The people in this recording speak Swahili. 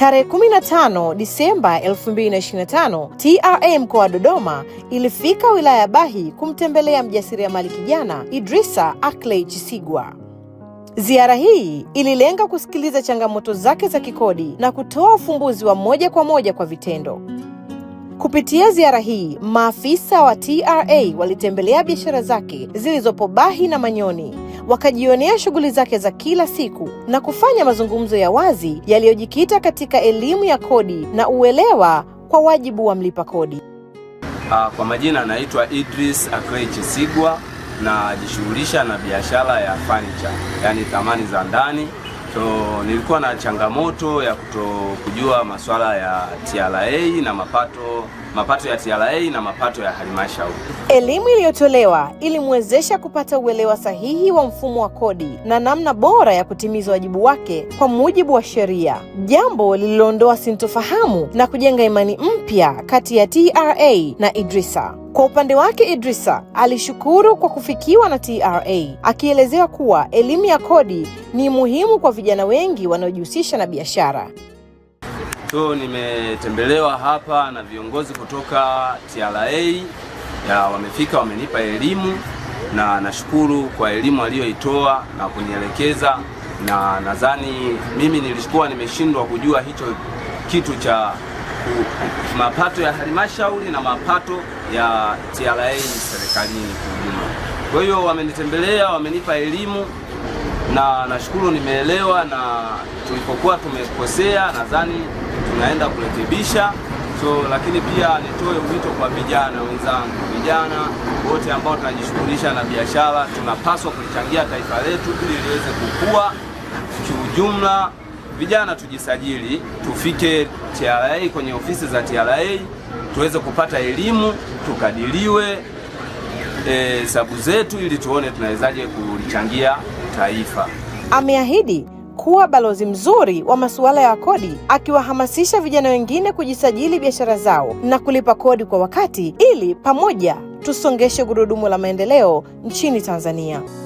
Tarehe 15 Disemba 2025, TRA mkoa wa Dodoma ilifika wilaya ya Bahi kumtembelea mjasiriamali kijana Idrisa Akley Chisigwa. Ziara hii ililenga kusikiliza changamoto zake za kikodi na kutoa ufumbuzi wa moja kwa moja kwa vitendo. Kupitia ziara hii, maafisa wa TRA walitembelea biashara zake zilizopo Bahi na Manyoni wakajionea shughuli zake za kila siku na kufanya mazungumzo ya wazi yaliyojikita katika elimu ya kodi na uelewa kwa wajibu wa mlipa kodi. Ah, kwa majina anaitwa Idris Sigwa na jishughulisha na biashara ya furniture, yani thamani za ndani. So nilikuwa na changamoto ya kuto kujua masuala ya TRA na mapato mapato ya TRA na mapato ya halmashauri. Elimu iliyotolewa ilimwezesha kupata uelewa sahihi wa mfumo wa kodi na namna bora ya kutimiza wajibu wake kwa mujibu wa sheria, jambo lililoondoa sintofahamu na kujenga imani mpya kati ya TRA na Idrisa. Kwa upande wake Idrisa alishukuru kwa kufikiwa na TRA akielezewa kuwa elimu ya kodi ni muhimu kwa vijana wengi wanaojihusisha na biashara. So, nimetembelewa hapa na viongozi kutoka TRA ya wamefika, wamenipa elimu na nashukuru kwa elimu aliyoitoa na kunielekeza, na nadhani mimi nilikuwa nimeshindwa kujua hicho kitu cha mapato ya halmashauri na mapato ya TRA serikalini kwa ujumla. Kwa hiyo wamenitembelea, wamenipa elimu na nashukuru nimeelewa, na tulipokuwa tumekosea nadhani tunaenda kurekebisha. So, lakini pia nitoe wito kwa vijana wenzangu, vijana wote ambao tunajishughulisha na biashara, tunapaswa kulichangia taifa letu ili liweze kukua kiujumla vijana tujisajili, tufike TRA kwenye ofisi za TRA tuweze kupata elimu, tukadiliwe e, sabu zetu ili tuone tunawezaje kulichangia taifa. Ameahidi kuwa balozi mzuri wa masuala ya kodi, akiwahamasisha vijana wengine kujisajili biashara zao na kulipa kodi kwa wakati ili pamoja tusongeshe gurudumu la maendeleo nchini Tanzania.